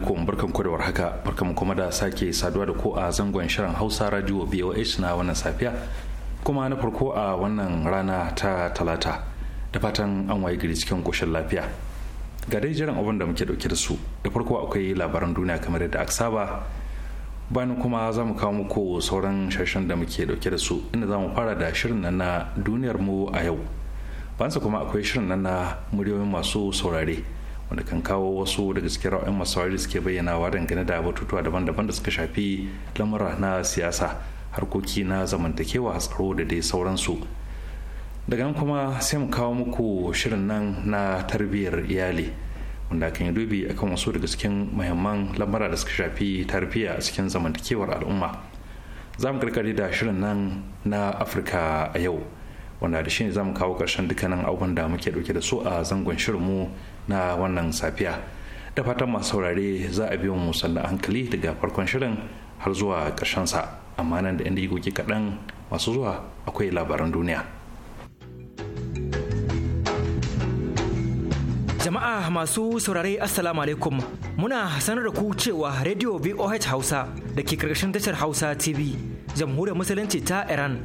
alaikum barkan ku haka warhaka barkan mu kuma da sake saduwa da ku a zangon shirin Hausa Radio BOH na wannan safiya kuma na farko a wannan rana ta talata da fatan an waye gari cikin koshin lafiya ga dai jiran abin da muke dauke da su da farko akwai labaran duniya kamar yadda aka saba bayan kuma za mu kawo muku sauran shashen da muke dauke da su inda za mu fara da shirin nan na duniyar mu a yau bayansa kuma akwai shirin nan na muryoyin masu saurare wanda kan kawo wasu daga cikin ra'ayin masu saurari suke bayyanawa dangane da batutuwa daban-daban da suka shafi lamura na siyasa harkoki na zamantakewa tsaro da dai sauransu daga nan kuma sai mu kawo muku shirin nan na tarbiyyar iyali wanda kan yi dubi akan wasu daga cikin muhimman lamura da suka shafi tarbiyya a cikin zamantakewar al'umma za mu karkare da shirin nan na afirka a yau wanda da shi ne za mu kawo ƙarshen dukkanin abubuwan da muke dauke da su a zangon shirin mu. na wannan safiya da fatan masu saurare za a biyo mu sannan hankali daga farkon shirin har zuwa ƙarshen sa amma nan da inda yi kaɗan masu zuwa akwai labaran duniya jama'a masu saurare assalamu alaikum muna sanar da ku cewa radio voh hausa da ke karkashin tashar hausa tv jamhuriyar musulunci ta iran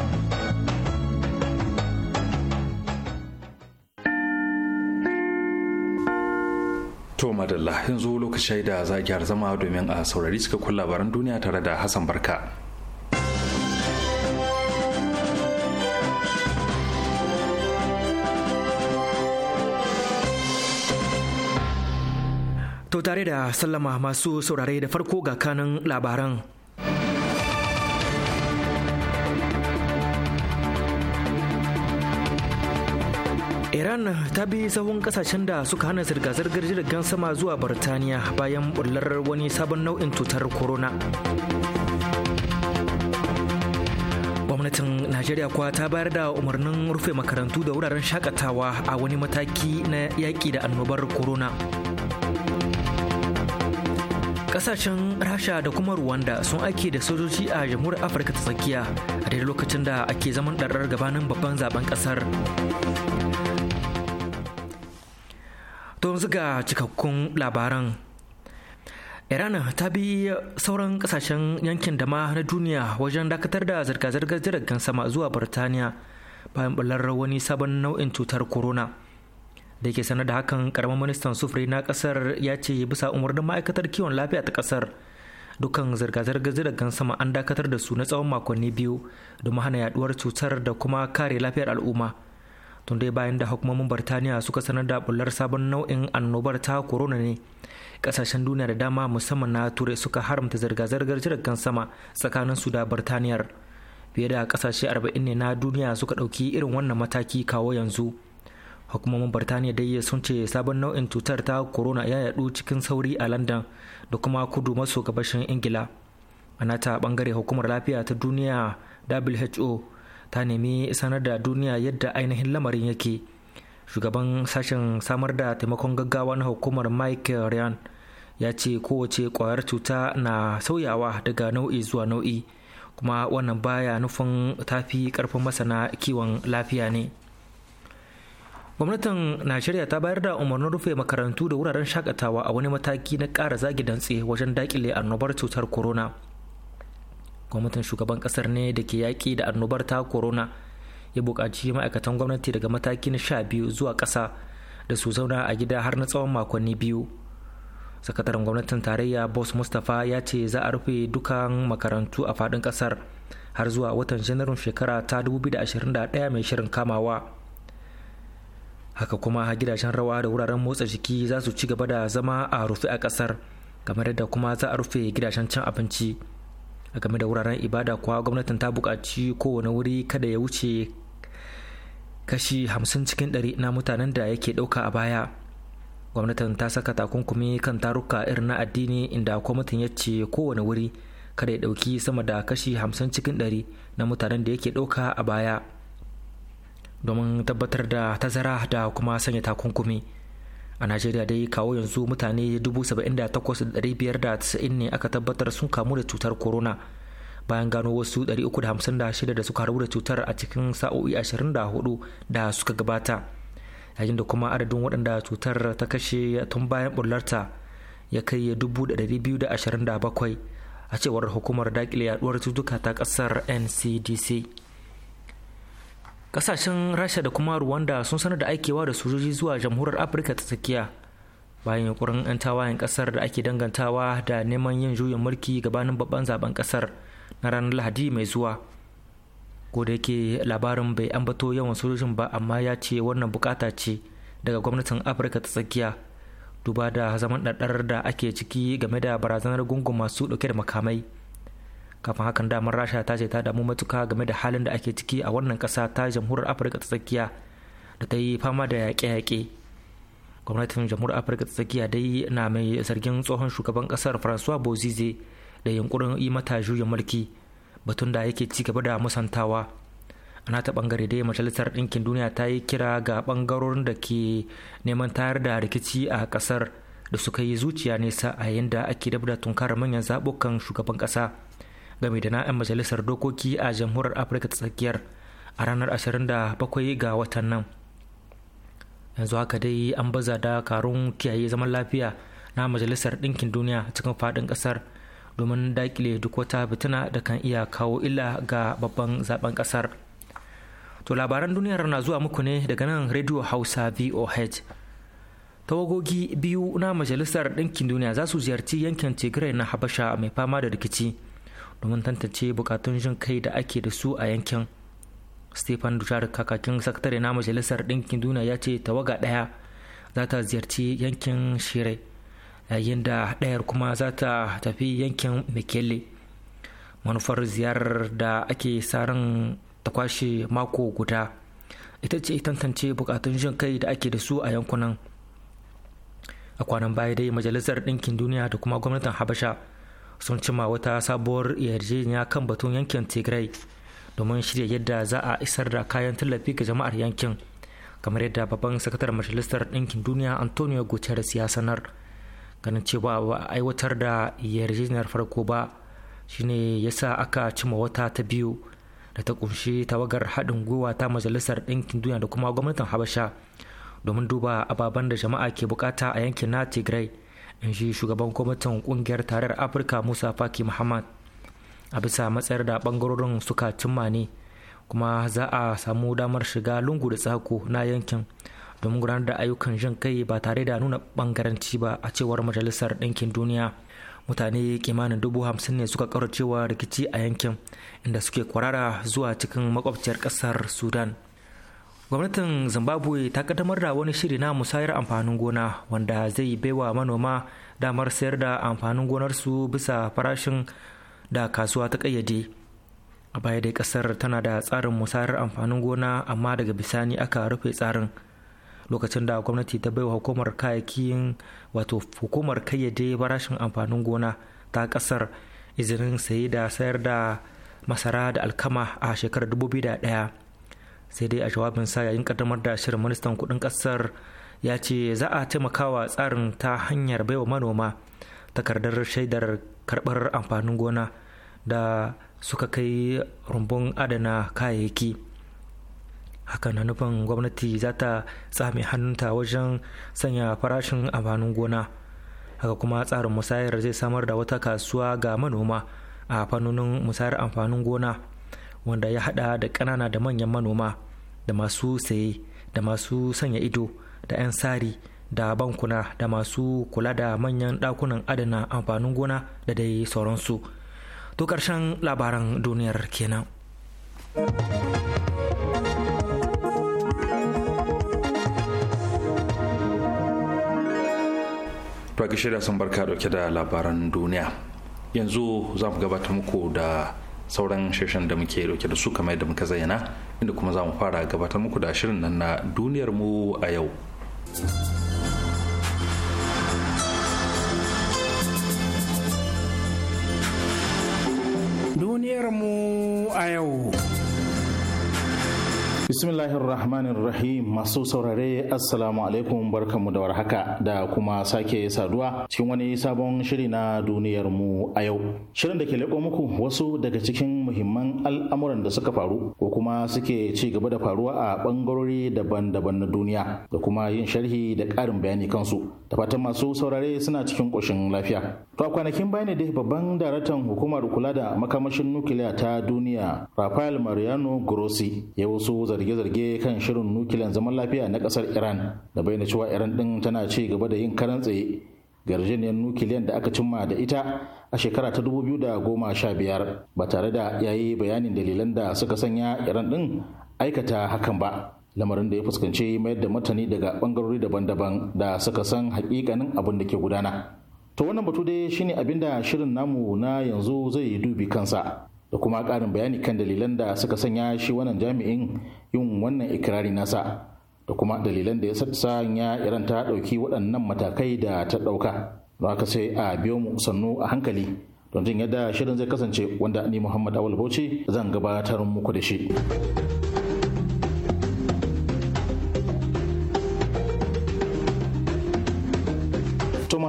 madalla yanzu lokacin da za a gyara zama domin a saurari suka kun labaran duniya tare da hassan barka To tare da sallama masu saurare da farko ga kanan labaran. iran ta bi sahun kasashen da suka hana zirga-zirgar jirgin sama zuwa birtaniya bayan bullar wani sabon nau'in cutar corona gwamnatin najeriya kuwa ta bayar da umarnin rufe makarantu da wuraren shakatawa a wani mataki na yaƙi da annobar corona kasashen rasha da kuma rwanda sun aiki da sojoji a jamhuriyar afirka ta tsakiya a daidai lokacin da ake zaman ɗarar gabanin babban zaben ƙasar don ziga cikakkun labaran iran ta bi sauran kasashen yankin da ma na duniya wajen dakatar da zirga-zirgar jiragen sama zuwa birtaniya bayan bular wani sabon nau'in cutar corona da ke sanar da hakan karamin ministan sufuri na kasar ya ce bisa umarnin ma'aikatar kiwon lafiya ta kasar dukkan zirga-zirgar jiragen sama an dakatar da su na tsawon makonni biyu domin hana yaduwar cutar da kuma kare lafiyar al'umma tun dai bayan da hukumomin Birtaniya suka sanar da bullar sabon nau'in annobar ta corona ne kasashen duniya da dama musamman na turai suka haramta zirga-zirgar jiragen sama tsakanin su da Birtaniyar fiye da kasashe 40 ne na duniya suka ɗauki irin wannan mataki kawo yanzu hukumomin Birtaniya dai sun ce sabon nau'in cutar ta corona ya yadu cikin sauri a London da kuma kudu maso gabashin Ingila a nata bangare hukumar lafiya ta duniya WHO ta nemi sanar da duniya yadda ainihin lamarin yake shugaban sashen samar da taimakon gaggawa na hukumar mike ryan ya ce kowace kwayar cuta na sauyawa daga nau'i zuwa nau'i kuma wannan baya nufin tafi karfin masana kiwon lafiya ne gwamnatin najeriya ta bayar da umarnin rufe makarantu da wuraren shakatawa a wani mataki na ƙara zagi dantse wajen dakile annobar cutar corona gwamnatin shugaban kasar ne da ke yaƙi da annobar ta corona ya buƙaci ma'aikatan gwamnati daga mataki na sha biyu zuwa ƙasa da su zauna a gida har na tsawon makonni biyu sakataren gwamnatin tarayya boss mustapha ya ce za a rufe dukan makarantu a faɗin ƙasar har zuwa watan janairun shekara ta 2021 mai shirin kamawa haka kuma gidajen rawa da wuraren motsa jiki za su ci gaba da zama a rufe a ƙasar kamar yadda kuma za a rufe gidajen cin abinci a game da wuraren ibada kuwa gwamnatin ta buƙaci kowane wuri kada ya wuce kashi 50 cikin ɗari na mutanen da yake ɗauka a baya gwamnatin ta saka takunkumi kan taruka irin na addini inda kwamitin ya ce kowane wuri kada ya ɗauki sama da kashi 50 cikin ɗari na mutanen da yake ɗauka a baya domin tabbatar da tazara da kuma sanya takunkumi a najeriya dai kawo yanzu mutane 78,590 ne aka tabbatar sun kamu da cutar corona bayan gano wasu 356 da suka harbu da cutar a cikin sa'o'i 24 da suka gabata yayin da kuma adadin waɗanda cutar ta kashe tun bayan bullarta ya kai 227 a cewar hukumar dakile yaduwar cutuka ta ƙasar ncdc kasashen rasha da kuma ruwanda sun sanar da aikewa da sojoji zuwa jamhuriyar afirka ta tsakiya bayan yunkurin 'yan tawayen kasar da ake dangantawa da neman yin juyin mulki gabanin babban zaben kasar na ranar lahadi mai zuwa ko da yake labarin bai ambato yawan sojojin ba amma ya ce wannan bukata ce daga gwamnatin afirka ta tsakiya duba da zaman ɗaɗɗar da ake ciki game da barazanar gungun masu ɗauke da makamai kafin hakan damar rasha ta ce ta damu matuka game da halin da ake ciki a wannan kasa ta jamhuriyar afirka ta tsakiya da ta yi fama da yaƙe-yaƙe gwamnatin jamhuriyar afirka ta tsakiya dai na mai zargin tsohon shugaban kasar francois bozize da yunkurin yi mata juyin mulki batun da yake ci gaba da musantawa ana ta bangare dai majalisar ɗinkin duniya ta yi kira ga bangarorin da ke neman tayar da rikici a kasar da suka yi zuciya nesa a yayin da ake dabda tunkarar manyan zaɓukan shugaban ƙasa game da na'yan majalisar dokoki a jamhuriyar afirka ta tsakiyar a ranar 27 ga watan nan yanzu haka dai an baza da karun kiyaye zaman lafiya na majalisar ɗinkin duniya cikin faɗin ƙasar domin daƙile duk wata fitina da kan iya kawo illa ga babban zaben ƙasar to labaran duniyar na zuwa muku ne daga nan radio hausa voh tawagogi biyu na majalisar ɗinkin duniya za su ziyarci yankin tigray na habasha mai fama da rikici domin tantance bukatun jin kai da ake da su a yankin stephen dujar kakakin sakatare na majalisar ɗinkin duniya ya ce tawaga ɗaya za ta ziyarci yankin shirai yayin da ɗayar kuma za ta tafi yankin mikele manufar ziyarar da ake sarin ta kwashe mako guda ita ce tantance bukatun jin kai da ake da su a yankunan a kwanan baya dai majalisar ɗinkin duniya da kuma gwamnatin habasha sun cima wata sabuwar yarjejeniya kan batun yankin tigray domin shirya yadda za a isar da kayan tallafi ga jama'ar yankin kamar yadda babban sakatar majalisar ɗinkin duniya antonio guterres ya sanar ganin cewa ba a aiwatar da yarjejeniyar farko ba shine yasa aka cima wata ta biyu da ta kunshi tawagar haɗin gwiwa ta majalisar ɗinkin duniya da kuma gwamnatin habasha domin duba ababen da jama'a ke bukata a yankin na tigray in shi shugaban kwamitin kungiyar tarar afirka musa faki muhammad a bisa matsayar da bangarorin suka cimma ne kuma za a samu damar shiga lungu da tsako na yankin domin gudanar da ayyukan jin kai ba tare da nuna bangaranci ba a cewar majalisar ɗinkin duniya mutane kimanin dubu hamsin ne suka cewa rikici a yankin inda suke kwarara zuwa cikin makwabciyar ƙasar sudan gwamnatin zimbabwe ta kaddamar da wani shiri na musayar amfanin gona wanda zai baiwa manoma damar sayar da amfanin gonarsu bisa farashin da kasuwa ta kayyade a baya dai kasar tana da tsarin musayar amfanin gona amma daga bisani aka rufe tsarin lokacin da gwamnati ta baiwa hukumar kayayyakin wato hukumar kayyade farashin amfanin gona ta kasar izinin saye da sayar da masara da alkama a shekarar 2001 sai dai a jawabin sa yayin kaddamar da shirin ministan kudin kasar ya ce za a taimakawa tsarin ta hanyar baiwa manoma takardar shaidar karbar amfanin gona da suka kai rumbun adana kayayyaki hakan na nufin gwamnati za ta tsami hannunta wajen sanya farashin amfanin gona haka kuma tsarin musayar zai samar da wata kasuwa ga manoma a fannonin musayar amfanin gona wanda ya hada da kanana da manyan manoma da masu saye da masu sanya ido da 'yan sari da bankuna da masu kula da manyan dakunan adana amfanin gona da dai sauransu to karshen labaran duniyar kenan. Turkish shirya sun barka dauke da labaran duniya. Yanzu za mu gabatar muku da sauran shirin da muke dauke da su kamar da muka zayyana inda kuma za mu fara gabatar muku da shirin nan na duniyar mu a yau duniyar mu a yau rahim masu saurare assalamu alaikum barkanmu da warhaka da kuma sake saduwa cikin wani sabon shiri na duniyar mu a yau. Shirin da ke leko muku wasu daga cikin muhimman al'amuran da suka faru ko kuma suke ci gaba da faruwa a bangarori daban-daban na duniya da kuma yin sharhi da karin bayani kansu. Da fatan masu saurare suna cikin ƙoshin lafiya. To a kwanakin bayani dai babban daraktan hukumar kula da makamashin nukiliya ta duniya Rafael Mariano Grossi ya wasu zarge-zarge kan shirin nukiliyan zaman lafiya na kasar iran da bayyana cewa iran din tana ci gaba da yin karan tsaye garjiniyar nukiliyar nukiliyan da aka cimma da ita a shekara ta 2015 ba tare da yayi bayanin dalilan da suka sanya iran din aikata hakan ba lamarin da ya fuskanci mayar da martani daga bangarori daban-daban da suka san hakikanin abin da ke gudana to wannan batu dai shine abinda shirin namu na yanzu zai dubi kansa da kuma ƙarin bayani kan dalilan da suka sanya shi wannan jami'in yin wannan ikirari nasa da kuma dalilan da ya sanya iran ta ɗauki waɗannan matakai da ta ɗauka don haka sai a biyo mu sannu a hankali don jin yadda shirin zai kasance wanda ni muhammad awal bauchi zan gabatar muku da shi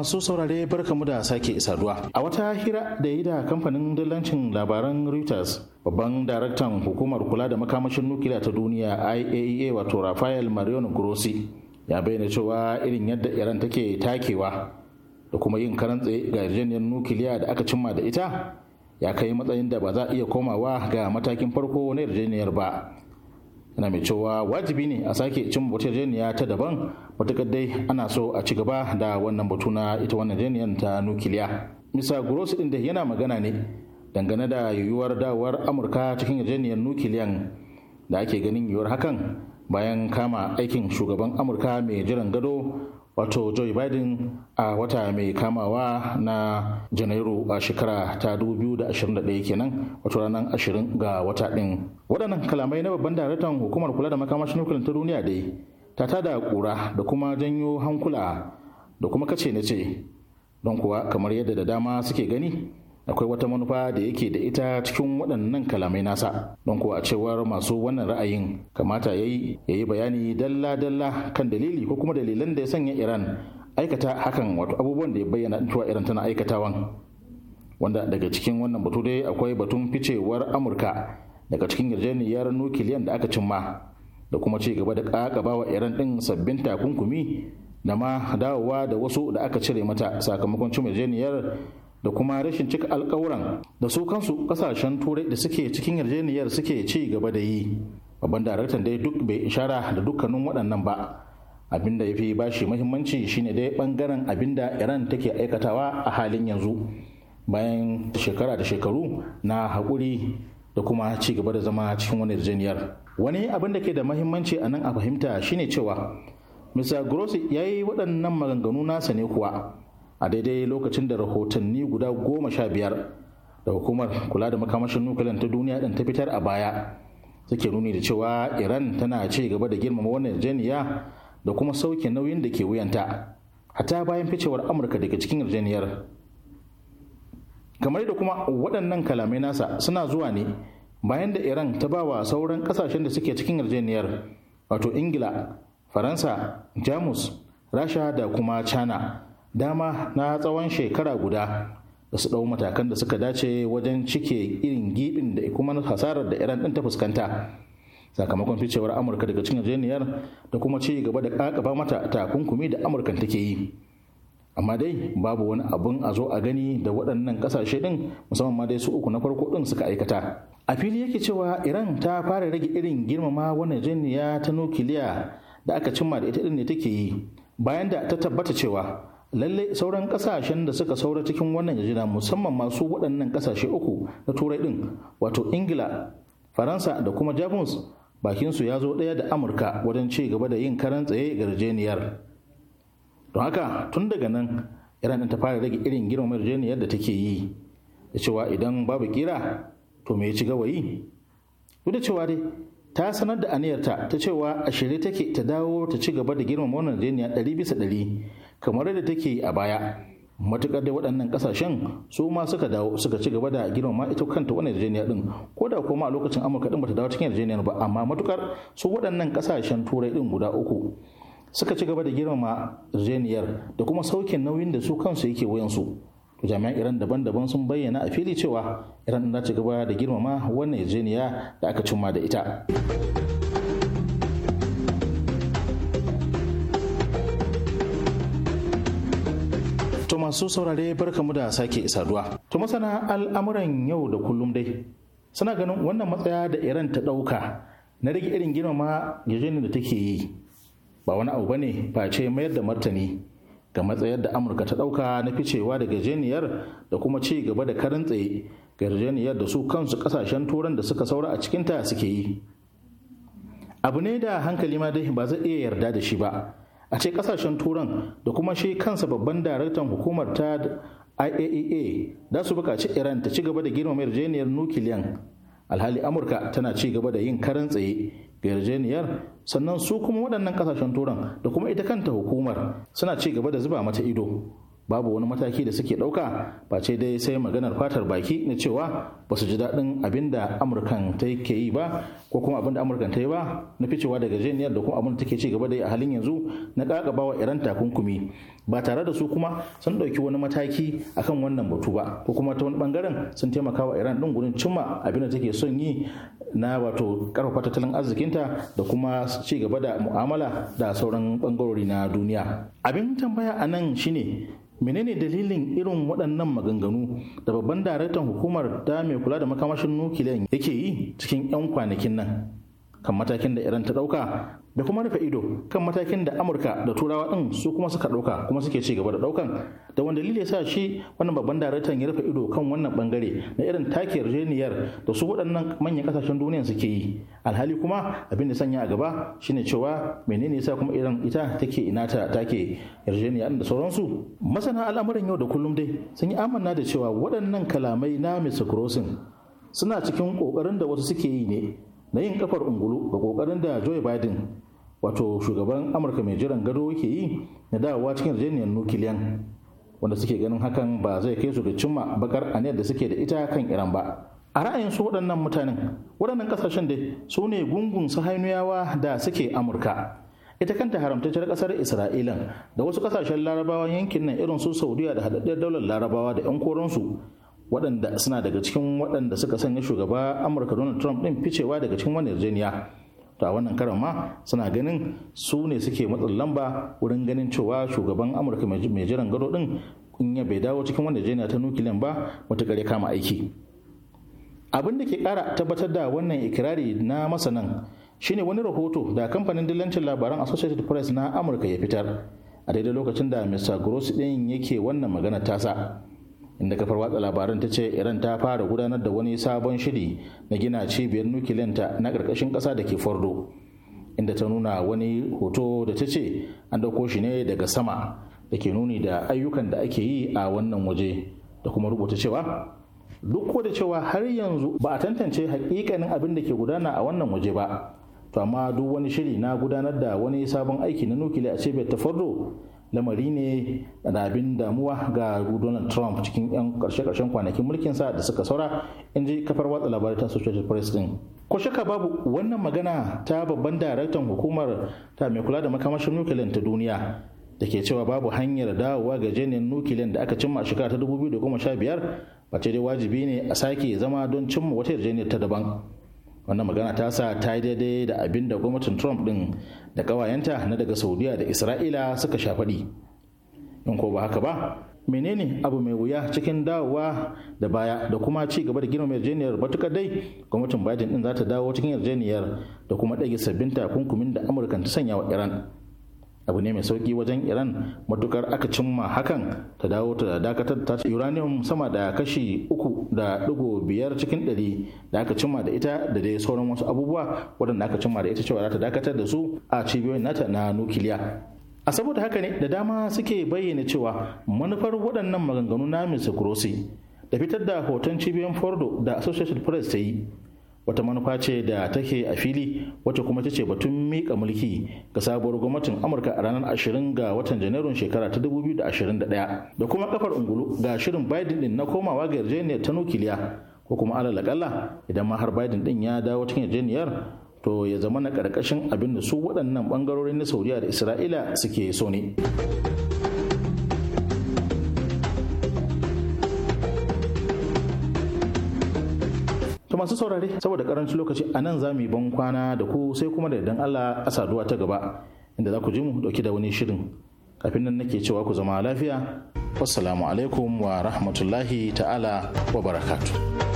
masu saurare barkamu da sake saduwa. A wata hira da yi da kamfanin dillancin labaran Reuters, babban daraktan hukumar kula da makamashin nukiliya ta duniya IAEA e wato Rafael Marion Grossi ya bayyana cewa irin yadda Iran take takewa da kuma yin karan tsaye ga yarjejeniyar nukiliya da aka cimma da ita ya kai matsayin da ba za a iya komawa ga matakin farko na yarjejeniyar ba yana mai cewa wajibi ne a sake cin wata yarjejeniya ta daban matuƙar dai ana so a ci gaba da wannan batu na ita wannan yarjejeniyar ta nukiliya misa gross din da yana magana ne dangane da yiwuwar dawowar amurka cikin yarjejeniyar nukiliyan da ake ganin yiwuwar hakan bayan kama aikin shugaban amurka mai jiran gado wato joe biden a wata mai kamawa na janairu a shekara ta 2021 kenan wato ranar ashirin ga wata din. waɗannan kalamai na babban daraktan hukumar kula da makamashin nukilin ta duniya dai ta tada kura da kuma janyo hankula da kuma kace na ce don kuwa kamar yadda da dama suke gani akwai wata manufa da yake da ita cikin waɗannan kalamai nasa don kuwa a cewar masu wannan ra'ayin kamata ya yi ya yi bayani dalla-dalla kan dalili ko kuma dalilan da ya sanya iran aikata hakan wato abubuwan da ya bayyana cewa iran tana aikatawan wanda daga cikin wannan batu dai akwai batun ficewar amurka daga cikin yarjejeniyar nukiliyan da aka cimma da kuma ci gaba da kakabawa bawa iran din sabbin takunkumi da ma dawowa da wasu da aka cire mata sakamakon cin yarjejeniyar da kuma rashin cika alkawuran da su kansu kasashen turai da suke cikin yarjejeniyar suke ci gaba da yi babban daraktan dai duk bai ishara da dukkanin waɗannan ba abin da ya fi bashi muhimmanci shine dai bangaren abin da iran take aikatawa a halin yanzu bayan shekara da shekaru na haƙuri da kuma ci gaba da zama cikin wani yarjejeniyar wani abin da ke da muhimmanci a nan a fahimta shine cewa mr grossi ya yi waɗannan maganganu nasa ne kuwa a daidai lokacin da rahotanni guda goma sha biyar da hukumar kula da makamashin nukiliyar ta duniya ɗin ta fitar a baya suke nuni da cewa iran tana ci gaba da girmama wannan yarjejeniya da kuma sauke nauyin da ke wuyanta hata bayan ficewar amurka daga cikin yarjejeniyar kamar da kuma waɗannan kalamai nasa suna zuwa ne bayan da iran ta ba wa sauran kasashen da suke cikin yarjejeniyar wato ingila faransa jamus rasha da kuma china dama na tsawon shekara guda da su ɗau matakan da suka dace wajen cike irin gibin da kuma hasarar da iran ɗin ta fuskanta sakamakon ficewar amurka daga cikin yarjejeniyar da kuma ci gaba da kakaba mata takunkumi da amurkan take yi amma dai babu wani abun a zo a gani da waɗannan ƙasashe ɗin musamman ma dai su uku na farko ɗin suka aikata a fili yake cewa iran ta fara rage irin girmama wani jiniya ta nukiliya da aka cimma da ita ɗin ne take yi bayan da ta tabbata cewa lallai sauran kasashen da suka saura cikin wannan yarjejeniya musamman masu waɗannan kasashe uku na turai ɗin wato ingila faransa da kuma jamus bakinsu ya zo ɗaya da amurka wajen ci gaba da yin karan tsaye rijeniyar. don haka tun daga nan iran ta fara rage irin girmama rijeniyar da take yi da cewa idan babu kira to me ya ci gawayi duk da cewa dai ta sanar da aniyarta ta cewa a shirye take ta dawo ta ci gaba da girmama wannan rijeniyar ɗari bisa ɗari kamar da take a baya matukar dai waɗannan kasashen su ma suka dawo suka ci gaba da girmama ita kanta wannan yarjejeniya din ko da kuma a lokacin amurka din bata dawo cikin yarjejeniyar ba amma matukar su waɗannan kasashen turai din guda uku suka ci gaba da girmama yarjejeniyar da kuma saukin nauyin da su kansu yake wayansu jami'an iran daban-daban sun bayyana a fili cewa iran za ci gaba da girmama wannan yarjejeniya da aka cimma da ita masu saurare barkamu da sake saduwa. To masana al'amuran yau da kullum dai suna ganin wannan matsaya da Iran ta ɗauka na rage irin girmama yarjejeniyar da take yi ba wani abu bane face mayar da martani ga matsayar da Amurka ta ɗauka na ficewa da gajeniyar da kuma ci gaba da karin tsaye ga yarjejeniyar da su kansu kasashen turan da suka saura a cikinta suke yi. Abu ne da hankali ma dai ba zai iya yarda da shi ba. a ce kasashen turan da kuma shi kansa babban daraktan hukumar ta iaea e za su bukaci iran ta ci gaba da girmama yarjejeniyar nukiliyan alhali amurka tana ci gaba da yin karan tsaye ga yarjejeniyar sannan su kuma waɗannan kasashen turan da kuma ita kanta hukumar suna ci gaba da zuba mata ido babu wani mataki da suke ɗauka ba ce dai sai maganar fatar baki na cewa ba su ji daɗin abin da amurkan ta ke yi ba ko kuma abin da amurkan ta yi ba na ficewa daga jeniyar da kuma abin da take ci gaba da yi a halin yanzu na ƙaƙaba wa iran takunkumi ba tare da su kuma sun ɗauki wani mataki akan wannan batu ba ko kuma ta wani ɓangaren sun taimaka wa iran ɗin gurin cimma abin da take son yi na wato ƙarfafa tattalin arzikinta da kuma cigaba da mu'amala da sauran ɓangarori na duniya abin tambaya a nan shine menene dalilin irin waɗannan maganganu da babban daraktan hukumar ta mai kula da makamashin nukiliyan yake yi cikin 'yan kwanakin nan kan matakin da iran ta ɗauka da kuma rufe ido kan matakin da amurka da turawa din su kuma suka ɗauka kuma suke ci gaba da ɗaukan da wanda dalili sa shi wannan babban daraktan ya rufe ido kan wannan bangare na irin take yarjejeniyar da su waɗannan manyan kasashen duniya suke yi alhali kuma abin da sanya a gaba shine cewa menene yasa kuma irin ita take ina ta take yarjejeniyar da sauransu masana al'amuran yau da kullum dai sun yi amanna da cewa waɗannan kalamai na Mr. Crossing suna cikin ƙoƙarin da wasu suke yi ne na yin kafar ungulu ga kokarin da joe biden wato shugaban amurka mai jiran gado yake yi na dawowa cikin yarjejeniyar nukiliyan wanda suke ganin hakan ba zai kai su ga cimma bakar aniyar da suke da ita kan iran ba a ra'ayin su waɗannan mutanen waɗannan ƙasashen dai su ne gungun sahainuyawa da suke amurka ita kanta haramtacciyar ƙasar isra'ilan da wasu ƙasashen larabawa yankin nan irin su saudiya da haɗaɗɗiyar daular larabawa da 'yan koransu waɗanda suna daga cikin waɗanda suka sanya shugaba amurka donald trump ɗin ficewa daga cikin wani yarjejeniya to a wannan karan ma suna ganin su ne suke matsin lamba wurin ganin cewa shugaban amurka mai jiran gado ɗin in ya bai dawo cikin wani yarjejeniya ta nukiliyan ba matuƙar ya kama aiki abin da ke ƙara tabbatar da wannan ikirari na masanan shine wani rahoto da kamfanin dillancin labaran associated press na amurka ya fitar a daidai lokacin da mr gross ɗin yake wannan magana tasa inda kafar watsa labaran ta ce iran ta fara gudanar da wani sabon shiri na gina cibiyar nukiliyanta na karkashin ƙasa da ke fardo inda ta nuna wani hoto da ta ce an dauko shi ne daga sama da ke nuni da ayyukan da ake yi a wannan waje da kuma rubuta cewa duk da cewa har yanzu ba a tantance hakikanin abin da ke gudana a wannan waje ba to amma duk wani shiri na gudanar da wani sabon aiki na nukiliya a cibiyar ta fardo lamari ne da abin damuwa ga donald trump cikin 'yan karshe-karshen kwanakin sa da suka saura in ji kafar watsa labarai ta associated press din ko shaka babu wannan magana ta babban daraktan hukumar ta mai kula da makamashin nukiliyan ta duniya da ke cewa babu hanyar dawowa ga jenin nukiliyan da aka cimma a shekara ta 2015 ba ce dai wajibi ne a sake zama don cimma wata yarjejeniyar ta daban wannan magana ta sa ta yi daidai da abin da gwamnatin trump din da kawayenta na daga saudiya da isra'ila suka shafaɗi in ko ba haka ba menene abu mai wuya cikin dawowa da baya da kuma ci gaba da girma yarjeniyar matuƙar dai gwamnatin biden din za ta dawo cikin yarjeniyar da kuma ɗage sabbin takunkumin da amurka ta sanya wa iran abu ne mai sauki wajen iran matukar aka cimma hakan ta dawo ta dakatar ta uranium sama da kashi uku da digo biyar cikin ɗari da aka cimma da ita da dai sauran wasu abubuwa waɗanda aka cimma da ita cewa za ta dakatar da su a cibiyoyin nata na nukiliya a saboda haka ne da dama suke bayyana cewa manufar waɗannan maganganu na mr grossi da fitar da hoton cibiyoyin fordo da associated press ta yi wata manufa ce da take a fili wacce kuma ta ce batun mika mulki ga sabuwar gwamnatin amurka a ranar 20 ga watan janairun shekara ta 2021 da kuma kafar ungulu ga shirin biden din na komawa ga yarjejeniyar ta nukiliya ko kuma alalakalla idan ma har biden din ya dawo cikin yarjejeniyar to ya zama na karkashin abin da su waɗannan bangarorin na sauriya da isra'ila suke so ne. masu saurare saboda karancin lokaci a nan za mu yi ban kwana da ku sai kuma da idan Allah a saduwa ta gaba inda za ku ji mu dauki da wani shirin kafin nan nake cewa ku zama lafiya wassalamu alaikum wa rahmatullahi ta'ala wa barakatuh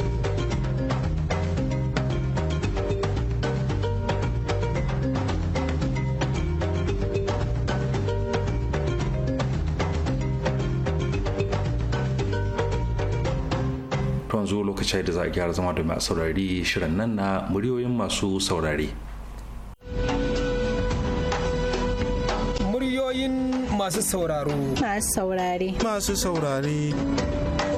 yanzu lokaci da za a gyara zama domin a saurari shirin nan na muryoyin masu saurare. Muryoyin masu sauraro. Masu saurare. Masu saurare.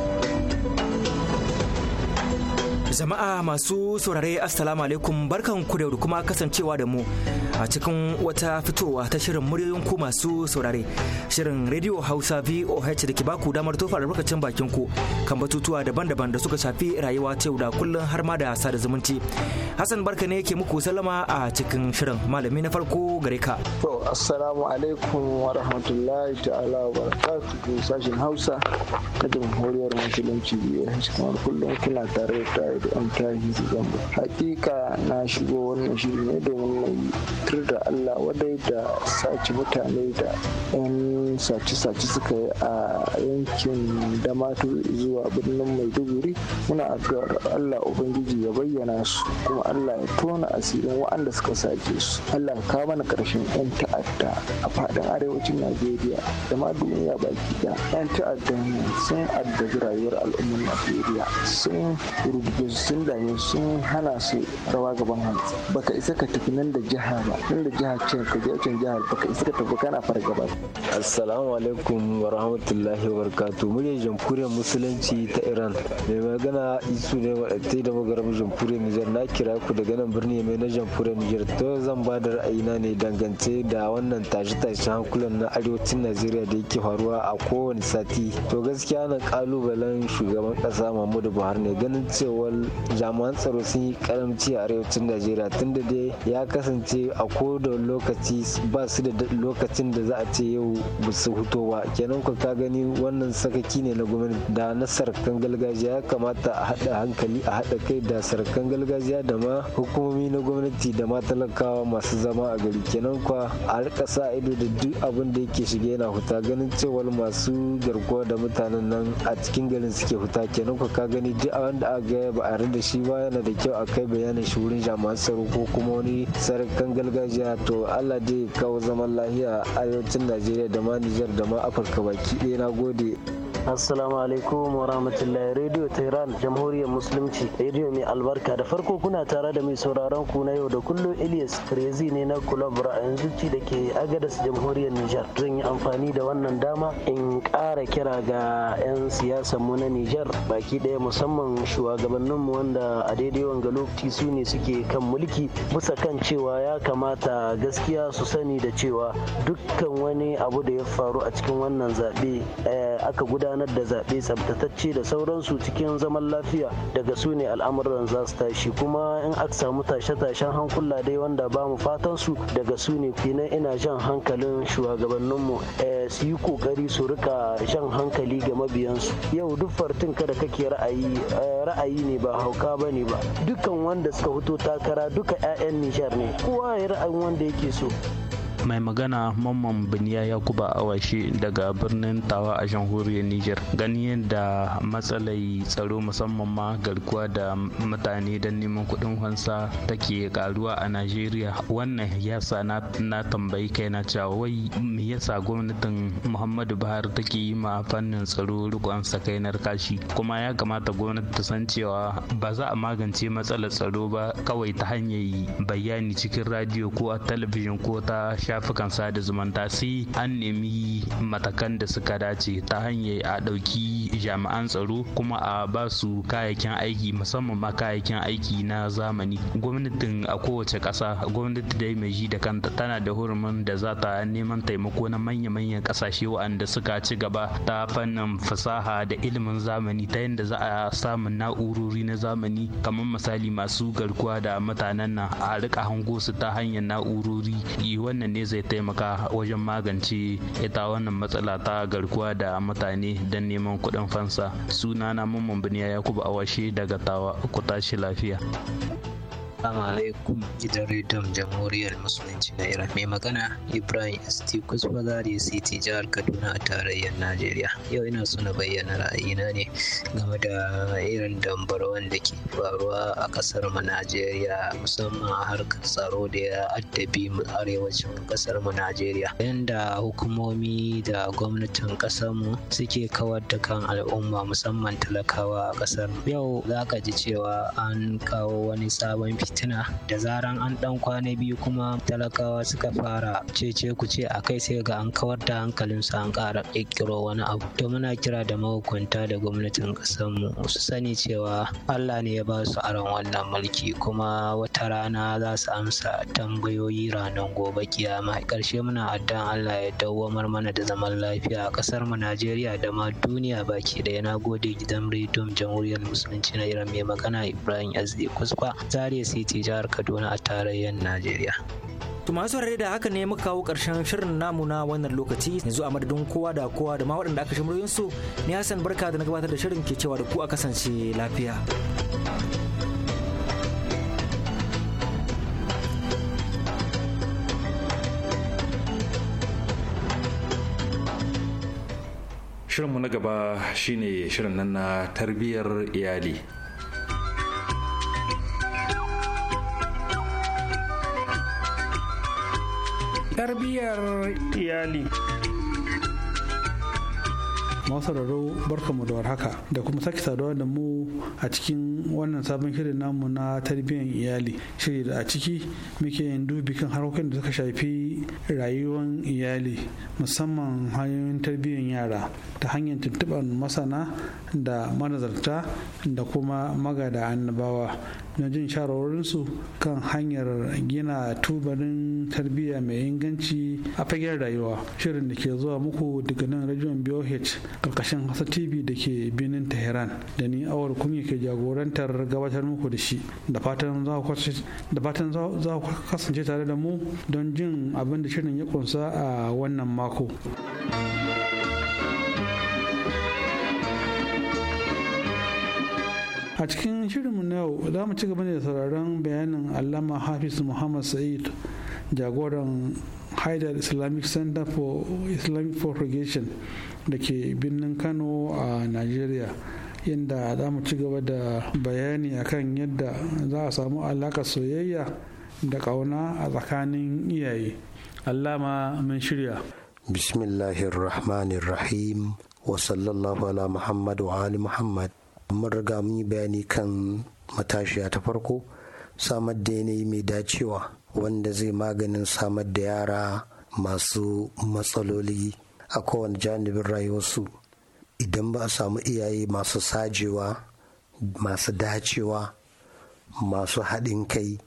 Jama'a masu saurare Assalamu alaikum barkan ku da kuma kasancewa da mu a cikin wata fitowa ta shirin muryoyin ku masu saurare. Shirin Radio Hausa VOH da ke baku damar tofa albarkacin bakin ku kan batutuwa daban-daban da suka shafi rayuwa ta da kullum har ma da sada zumunci. Hassan barka ne ke muku sallama a cikin shirin malami na farko gare ka. To assalamu alaikum wa rahmatullahi ta'ala wa barakatuhu sashin Hausa na jamhuriyar musulunci VOH kullum kuna tare da abdullahi zama hakika na shigo wannan shiri ne domin mai tur da allah wadai da sace mutane da yan sace-sace suka yi a yankin damatu zuwa birnin maiduguri muna addu'ar allah ubangiji ya bayyana su kuma allah ya tona asirin wa'anda suka sace su allah ya kawo mana karshen yan ta'adda a fadin arewacin najeriya da ma duniya baki ɗaya yan ta'addan sun addabi rayuwar al'ummar najeriya sun rubuta sun dame sun hana su rawa gaban hannu baka isa ka tafi nan da jiha ba nan da jiha ce ka je wancan jihar baka isa ka tafi kana gaba assalamu alaikum wa rahmatullahi wa barakatuh muryar jamhuriyar musulunci ta iran mai magana isu ne wadatai da magaram jamhuriyar nijar na kira ku daga nan birni mai na jamhuriyar nijar to zan ba da ra'ayina ne dangance da wannan tashe-tashen hankulan na arewacin najeriya da yake faruwa a kowane sati to gaskiya na kalubalen shugaban kasa mahmudu buhari ne ganin cewar jami'an tsaro sun yi karamci a arewacin najeriya tunda dai ya kasance a da lokaci ba su da lokacin da za a ce yau ba su huto ba kenan ku ka gani wannan sakaki ne na gwamnati da na sarkan gargajiya ya kamata a haɗa hankali a haɗa kai da sarkan gargajiya da ma hukumomi na gwamnati da ma talakawa masu zama a gari kenan kwa a rika sa ido da duk abin da yake shige yana huta ganin cewa masu garkuwa da mutanen nan a cikin garin suke huta kenan kwa ka gani duk abin da aka ga ba a da shi ba yana da kyau a kai bayanin shi wurin jami'an tsaro ko kuma wani sarakan gargajiya to Allah dai kawo zaman lafiya a arewacin Najeriya da ma Nijar da ma Afirka baki ɗaya na gode. assalamu alaikum wa rahmatullahi radio tehran jamhuriyar musulunci radio mai albarka da farko kuna tare da mai sauraron ku na yau da kullum ilyas Crazy ne na kulabra a yanzu ci da ke agadas jamhuriyar nijar zan yi amfani da wannan dama in ƙara kira ga 'yan siyasar mu na nijar baki ɗaya musamman shugabannin mu wanda a daidai wanga lokaci su ne suke kan mulki musa kan cewa ya kamata gaskiya su sani da cewa dukkan wani abu da ya faru a cikin wannan zaɓe eh, aka gudanar gudanar da zaɓe tsabtatacce da sauransu cikin zaman lafiya daga su ne al'amuran za su tashi kuma in aka samu tashe-tashen hankula dai wanda ba mu fatan su daga su ne kenan ina jan hankalin shugabanninmu eh, su yi kokari su rika jan hankali ga mabiyansu yau duk fartin kada kake ra'ayi eh, ra'ayi ne ba hauka ba ne ba dukkan wanda suka fito takara duka 'ya'yan nijar ne kowa ya ra'ayin wanda yake so mai magana mamman biniya yakuba awashi daga birnin tawa a jamhuriyar niger gani yadda matsalai tsaro musamman ma garkuwa da mutane don neman kuɗin hansa take karuwa a najeriya wannan yasa na tambayi kai na cewa wai me yasa gwamnatin muhammadu buhari take yi ma fannin tsaro rikon sakainar kashi kuma ya kamata gwamnati ta san cewa ba za a magance matsalar tsaro ba kawai ta hanyar bayani cikin radiyo ko a talabijin ko ta shafukan sada zumunta sai an nemi matakan da suka dace ta hanyar a ɗauki jami'an tsaro kuma a ba su kayayyakin aiki musamman ma kayayyakin aiki na zamani gwamnatin a kowace ƙasa gwamnati dai mai ji da kanta tana da hurumin da za ta neman taimako na manya-manyan ƙasashe waɗanda suka ci gaba ta fannin fasaha da ilimin zamani ta yadda za a samu na'urori na zamani kamar misali masu garkuwa da mutanen nan a rika hango su ta hanyar na'urori eh, wannan ne zai taimaka wajen magance ita wannan matsala ta garkuwa da mutane don neman kuɗin fansa sunana mamman biniya yakubu awashe daga tawa ku tashi lafiya Assalamu alaikum gidan rediyon jamhuriyar musulunci na Iran. Mai magana Ibrahim ST Kusbazari City jihar Kaduna a tarayyar Najeriya. Yau ina so na bayyana ra'ayina ne game da irin dambarwan da ke faruwa a kasar mu Najeriya musamman a harkar tsaro da ya addabi mu arewacin kasar mu Najeriya. Yanda hukumomi da gwamnatin kasar mu suke kawar da kan al'umma musamman talakawa a kasar. Yau za ka ji cewa an kawo wani sabon fitina da zaran an ɗan kwana biyu kuma talakawa suka fara cece ku ce a kai sai ga an kawar da hankalin su an ƙara ƙirƙiro wani abu to muna kira da mahukunta da gwamnatin ƙasar mu su sani cewa Allah ne ya ba su aron wannan mulki kuma wata rana za su amsa tambayoyi ranar gobe kiyama ƙarshe muna addan Allah ya dawwamar mana da zaman lafiya a ƙasar mu Najeriya da ma duniya baki ɗaya na gode gidan rediyon jamhuriyar musulunci na Iran mai magana Ibrahim Azdi Kusfa Zariya ICT jihar kaduna a tarayyar najeriya To masu da haka ne muka kawo ƙarshen shirin namu na wannan lokaci yanzu a madadin kowa da kowa da ma waɗanda aka shimriyin su ni Hassan barka da na gabatar da shirin ke cewa da ku a kasance lafiya. Shirinmu na gaba shine shirin nan na tarbiyyar iyali. tarbiyyar iyali masu raro barkamu da warhaka da kuma sake saduwa da mu a cikin wannan sabon shirin namu na tarbiyyar iyali shiri da a ciki muke yin dubi kan harkokin da suka shafi rayuwar iyali musamman hanyoyin tarbiyyar yara ta hanyar tuntuɓar masana da manazarta da kuma magada annabawa na jin shawarwarinsu kan hanyar gina tubarin tarbiyya mai inganci a fagen rayuwa shirin da ke zuwa muku daga nan rajon BOH karkashin hasa tv da ke birnin tehran da ni awar kunya ke jagorantar gabatar muku da shi da fatan za ku kasance tare da mu don jin abin da shirin ya kunsa a wannan mako a cikin shirinmu na yau za mu ci gaba da sauraron bayanin allama hafiz muhammad sa'id jagoran haidar islamic center for islamic propagation da ke birnin kano a nigeria inda za mu ci gaba da bayani akan yadda za a samu alaƙa soyayya da ƙauna a tsakanin iyaye allama mun shirya bismillahirrahmanirrahim wa sallallahu ala muhammad wa ali muhammad mun riga mun yi bayani kan matashiya ta farko samar da yanayi mai dacewa wanda zai maganin samar da yara masu matsaloli a kowane janibin rayuwarsu idan ba a samu iyaye masu sajewa masu dacewa masu haɗin kai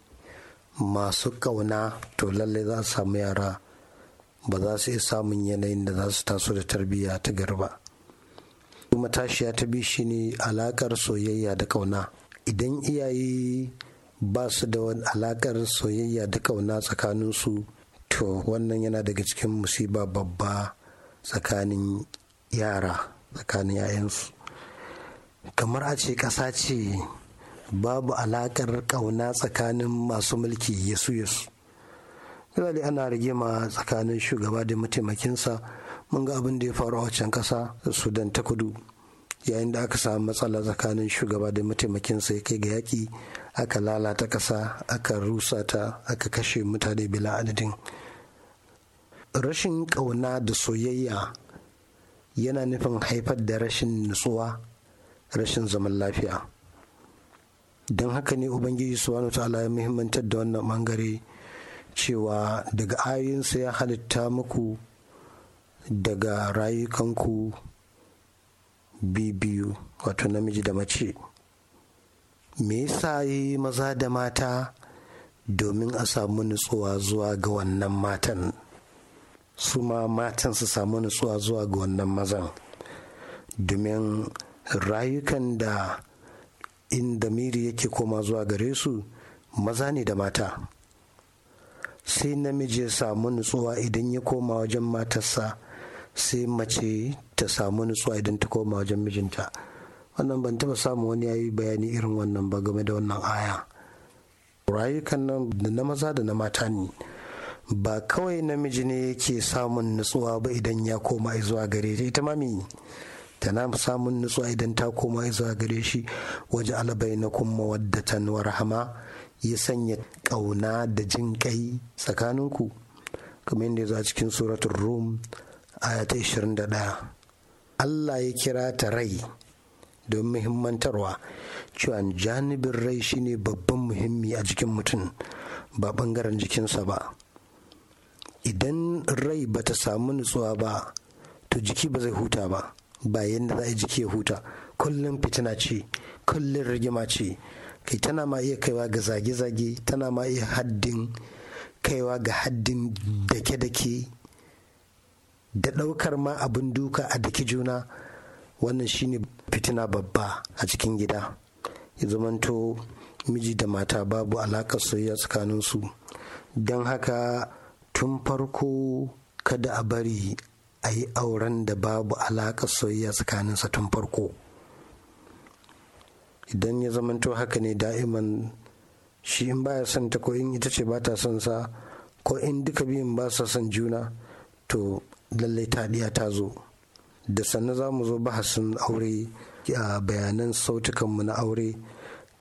masu ƙauna to lallai za su samu yara ba za su iya samun yanayin da za su taso da tarbiyya ta garba matashiya ta bi shi ne alaƙar soyayya da ƙauna idan iyaye ba su da alaƙar soyayya da ƙauna tsakaninsu to wannan yana daga cikin musiba babba tsakanin yara tsakanin 'ya'yansu kamar a ce ƙasa ce babu alaƙar ƙauna tsakanin masu mulki yesu yesu misali ana rigima tsakanin shugaba da mataimakinsa mun ga abin da ya faru a wancan ƙasa sudan ta kudu yayin da aka samu matsala tsakanin shugaba da mataimakinsa ya kai ga yaƙi aka lalata ƙasa aka rusa ta aka kashe mutane bila adadin rashin ƙauna da soyayya yana nufin haifar da rashin nutsuwa rashin zaman lafiya don haka ne ubangiji subhanahu ta'ala ya muhimmantar da wannan bangare cewa daga ayoyinsa ya halitta muku daga rayukanku bibiyu wato namiji da mace me yasa yi maza da mata domin a samu nutsuwa zuwa ga wannan matan su ma matan su samu nutsuwa zuwa ga wannan mazan domin rayukan da inda miri yake koma zuwa gare su maza ne da mata sai namiji ya samu nutsuwa idan ya koma wajen matarsa sai mace ta samu nutsuwa idan ta koma wajen mijinta wannan ban taba samu wani yayi bayani irin wannan ba game da wannan aya rayukan nan da na maza da na mata ne ba kawai namiji ne yake samun nutsuwa ba idan ya koma zuwa gare ta ita mami tana samun nutsuwa idan ta koma zuwa gare shi waje alabai na kuma waddatan warhama ya sanya kauna da jin kai tsakaninku Kuma yadda ya zo cikin suratun rum aya ta 21 Allah ya kira ta rai don muhimmantarwa cewa janibin rai shine babban muhimmi a jikin mutum ba bangaren jikinsa ba idan rai ba ta samu nutsuwa ba to jiki ba zai huta ba ba yadda za a jiki ya huta kullum fitina ce kullum rigima ce kai tana ma iya kaiwa ga zage-zage tana ma iya haddin kaiwa ga haddin dake-dake da ɗaukar ma abin duka a daki juna wannan shine fitina babba a cikin gida ya zamanto miji da mata babu alaƙar soyayya tsakaninsu don haka tun farko kada a bari a yi auren da babu alaƙar soyayya tsakaninsa tun farko idan ya zamanto haka ne da'iman shi in baya son ta ko in ita ce ba ta son sa ko in duka biyun ba sa son juna to lallai ta ɗiya ta zo da sannan za mu zo bahasin aure a bayanan sautukanmu na aure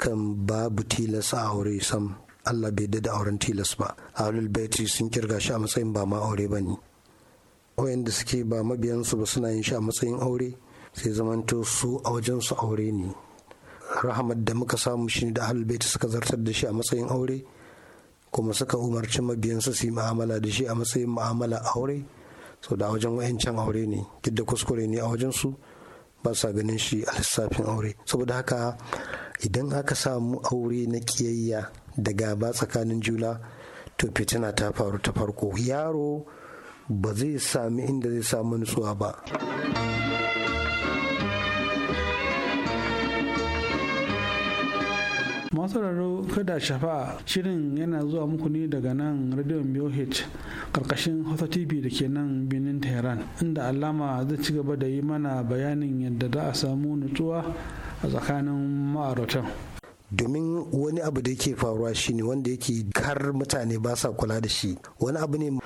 kan babu tilasa aure sam Allah bai da auren tilas ba ahlul baiti sun kirga shi a matsayin ba ma aure ba ne wayanda suke ba mabiyansu ba suna yin shi a matsayin aure sai zamanto su a wajen su aure ne rahamar da muka samu shi da ahlul baiti suka zartar da shi a matsayin aure kuma suka umarci mabiyansu su yi mu'amala da shi a matsayin mu'amala aure Sau da wajen wayancan aure ne duk da kuskure ne a wajen su ba sa ganin shi a lissafin aure saboda haka idan aka samu aure na kiyayya da gaba tsakanin juna to fitina ta faru ta farko yaro ba zai sami inda zai samu nutsuwa ba masu raro kada shafa shirin yana zuwa muku ne daga nan radio BOH karkashin hausa tv da ke nan birnin tehran inda alama zai ci gaba da yi mana bayanin yadda za a samu nutsuwa a tsakanin ma'auratan domin wani abu da yake faruwa shine wanda yake kar mutane ba sa kula da shi wani abu ne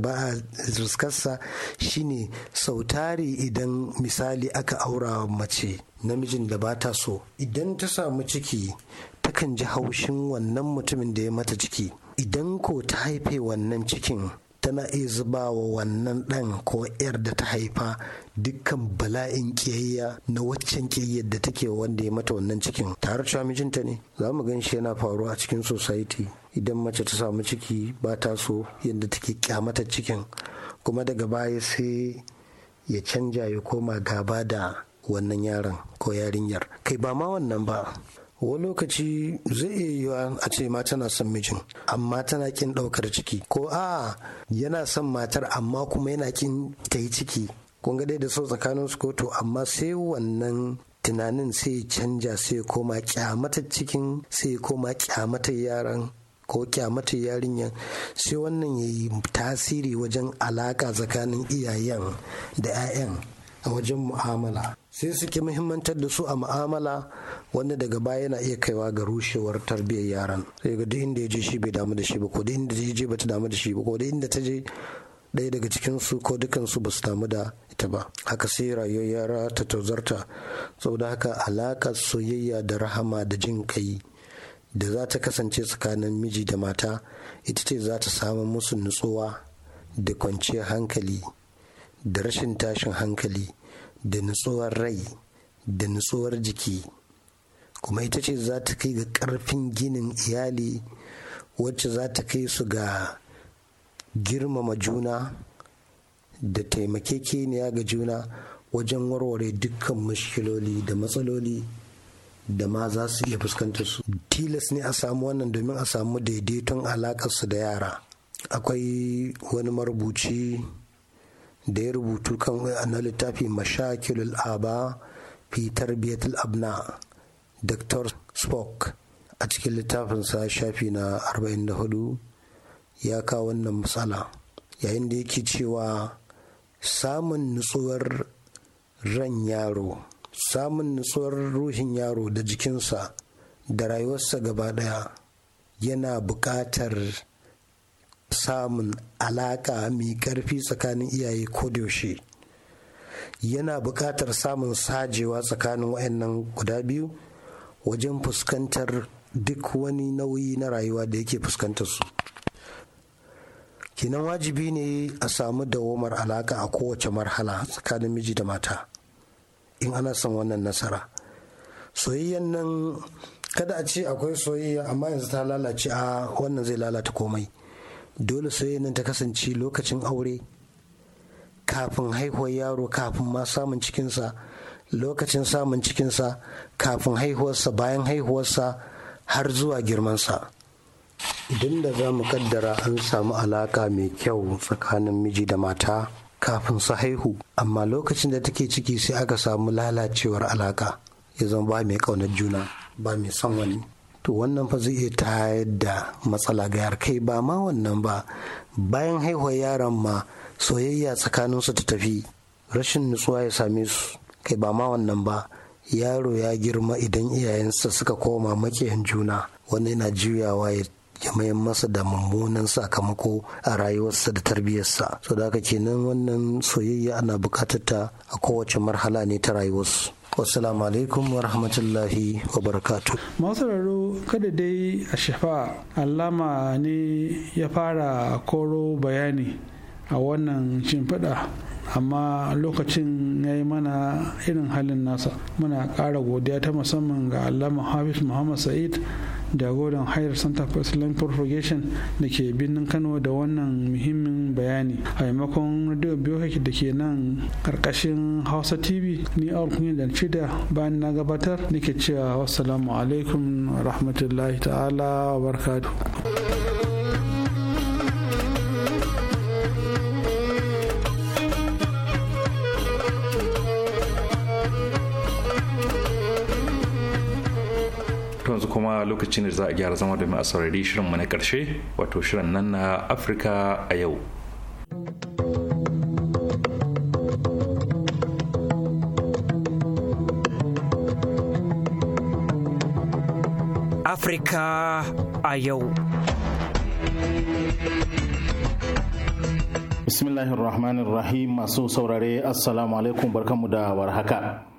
ba a riskarsa shine sautari idan misali aka aura mace namijin da ba ta so idan ta samu ciki takan ji haushin wannan mutumin da ya mata ciki idan ko ta haife wannan cikin tana iya zuba wa wannan ɗan ko 'yar da ta haifa dukkan bala'in kiyayya na waccan kiyayyar da take wanda ya mata wannan cikin tare cewa mijinta ne za mu gan shi yana faruwa a cikin society idan mace ta samu ciki ba ta so yadda take kyamata cikin kuma daga baya sai ya canja ya koma gaba da wannan yaron ko yarinyar kai ba ma wannan ba wani lokaci zai iya yiwa a ce ma tana son mijin amma tana kin ɗaukar ciki ko a yana son matar amma kuma yana kin ta yi ciki kun ga dai da so tsakanin su to amma sai wannan tunanin sai canja sai koma kyamata cikin sai koma kyamata yaran ko kyamata yarinyar sai wannan ya yi tasiri wajen alaka tsakanin iyayen da 'ya'yan a wajen mu'amala sai suke muhimmantar da su a mu'amala wanda daga baya yana iya kaiwa ga rushewar tarbiyyar yaran sai ga duk inda ya je shi bai damu da shi ba ko duk inda ya je bata damu da shi ba ko duk inda ta je ɗaya daga cikin su ko dukan su basu damu da ita ba haka sai rayuwar yara ta tozarta saboda haka alaka soyayya da rahama da jin kai da za ta kasance tsakanin miji da mata ita ce za ta samu musu nutsuwa da kwanciyar hankali da rashin tashin hankali da nutsuwar rai da nutsuwar jiki kuma ita ce za ta kai ga ƙarfin ginin iyali wacce za ta kai su ga girmama juna da taimake taimakekeniya ga juna wajen warware dukkan mashiloli da matsaloli da ma za su iya fuskanta su tilas ne a samu wannan domin a samu daidaiton alakarsu da yara akwai wani marubuci da ya rubutu kan na littafi mashakilul aba fi tarbiyatul abna dr spock a cikin littafinsa shafi na 44 ya kawo wannan matsala yayin da yake cewa samun nutsuwar ran yaro samun nutsuwar ruhin yaro da jikinsa da rayuwarsa gaba daya yana buƙatar samun alaka mai ƙarfi tsakanin iyaye ko da yaushe yana buƙatar samun sajewa tsakanin wayannan guda biyu wajen fuskantar duk wani nauyi na rayuwa da yake fuskantar su kinan wajibi ne a samu dawamar alaka a kowace marhala tsakanin miji da mata in ana son wannan nasara soyayyan nan kada a ce akwai soyayya amma yanzu ta lalace a wannan zai lalata komai dole soyayya nan ta kasance lokacin aure kafin haihuwar yaro kafin ma samun cikinsa lokacin samun cikinsa kafin haihuwarsa bayan haihuwarsa har zuwa girmansa idan da za mu kaddara an samu alaka mai kyau tsakanin miji da mata kafin su haihu amma lokacin da take ciki sai aka samu lalacewar alaka ya zama ba mai ƙaunar juna ba mai son wani to wannan fa zai iya tayar da matsala ga kai ba ma wannan ba bayan haihuwar yaran ma soyayya tsakanin su ta tafi rashin nutsuwa ya same su kai ba ma wannan ba yaro ya girma idan iyayensa suka koma makiyan juna wanda yana juyawa ya mayan masa da mummunan sakamako a rayuwarsa da tarbiyyarsa so da haka kenan wannan soyayya ana bukatar ta a kowace marhala ne ta rayuwarsu wasalamu alaikum wa rahmatullahi wa barakatu. Masararo kada dai a shafa alama ne ya fara koro bayani a wannan shimfiɗa amma lokacin ya yi mana irin halin nasa muna ƙara godiya ta musamman ga allama hafiz muhammad sa'id jagoran hayar center for islamic propagation da ke birnin kano da wannan muhimmin bayani a maimakon radio biyohaki da ke nan karkashin hausa tv ni a kunyar da shida bayan na gabatar nake cewa wassalamu alaikum rahmatullahi ta'ala wa barkatu. lokacin da za a gyara zama domin a saurari mu na karshe wato shirin nan na afirka a yau afirka a yau bismillahirrahmanirrahim masu saurare assalamu alaikum barkanmu da warhaka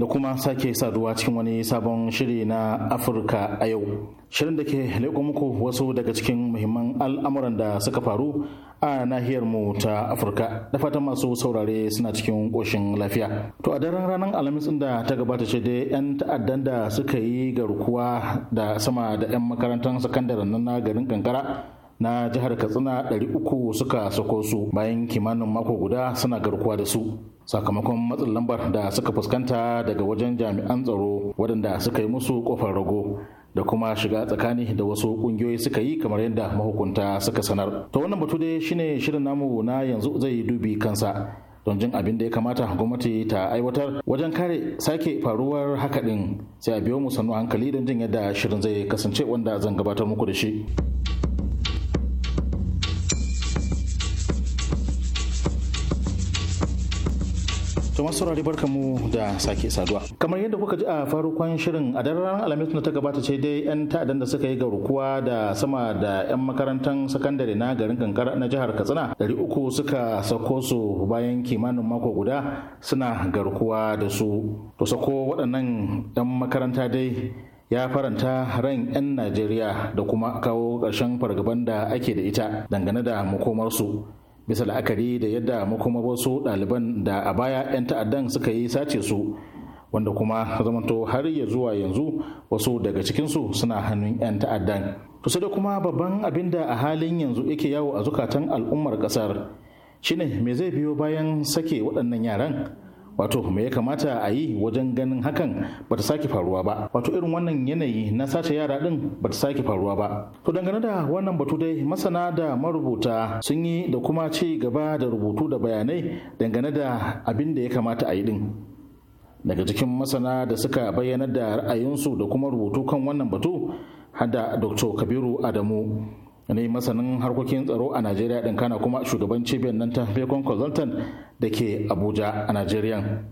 da kuma sake saduwa cikin wani sabon shiri na Afirka a yau. Shirin da ke leko muku wasu daga cikin muhimman al'amuran da suka faru a nahiyar mu ta Afirka. Da fatan masu saurare suna cikin ƙoshin lafiya. To a daren ranar Alhamis da ta gabata ce dai 'yan ta'addan da suka yi garkuwa da sama da 'yan makarantar sakandaren na garin kankara na jihar katsina 300 suka sako su bayan kimanin mako guda suna garkuwa da su sakamakon matsin lambar da suka fuskanta daga wajen jami'an tsaro waɗanda suka yi musu kofar rago da kuma shiga tsakani da wasu kungiyoyi suka yi kamar yadda mahukunta suka sanar. To wannan batu dai shine shirin namu na yanzu zai dubi kansa don jin abin da ya kamata gwamnati ta aiwatar wajen kare sake faruwar din sai a biyo mu sannu hankali don jin yadda shirin zai kasance wanda zan gabatar muku da shi. to masu saurari barka mu da sake saduwa kamar yadda kuka ji a farkon shirin a daren ranar alhamis na ta gabata ce dai yan ta'addan da suka yi garkuwa da sama da yan makarantar sakandare na garin kankara na jihar katsina dari uku suka sako su bayan kimanin mako guda suna garkuwa da su to sako waɗannan yan makaranta dai ya faranta ran 'yan najeriya da kuma kawo ƙarshen fargaban da ake da ita dangane da makomarsu bisa la'akari da yadda makoma wasu ɗaliban da a baya 'yan ta'addan suka yi sace su wanda kuma zamanto har ya zuwa yanzu wasu daga cikinsu suna hannun 'yan ta'addan kusa da kuma babban abin da a halin yanzu yake yawo a zukatan al'ummar ƙasar shine me zai biyo bayan sake waɗannan yaran wato me ya kamata a yi wajen ganin hakan ba ta sake faruwa ba wato irin wannan yanayi na sace yara din ba ta sake faruwa ba to dangane da wannan batu dai masana da marubuta sun yi da kuma ci gaba da rubutu da bayanai dangane da abin da ya kamata a yi din daga cikin masana da suka bayyanar da ra'ayinsu da kuma rubutu kan wannan batu hada dr kabiru adamu ne masanin harkokin tsaro a najeriya din kana kuma shugaban cibiyar nan ta bekon consultant da ke abuja a najeriya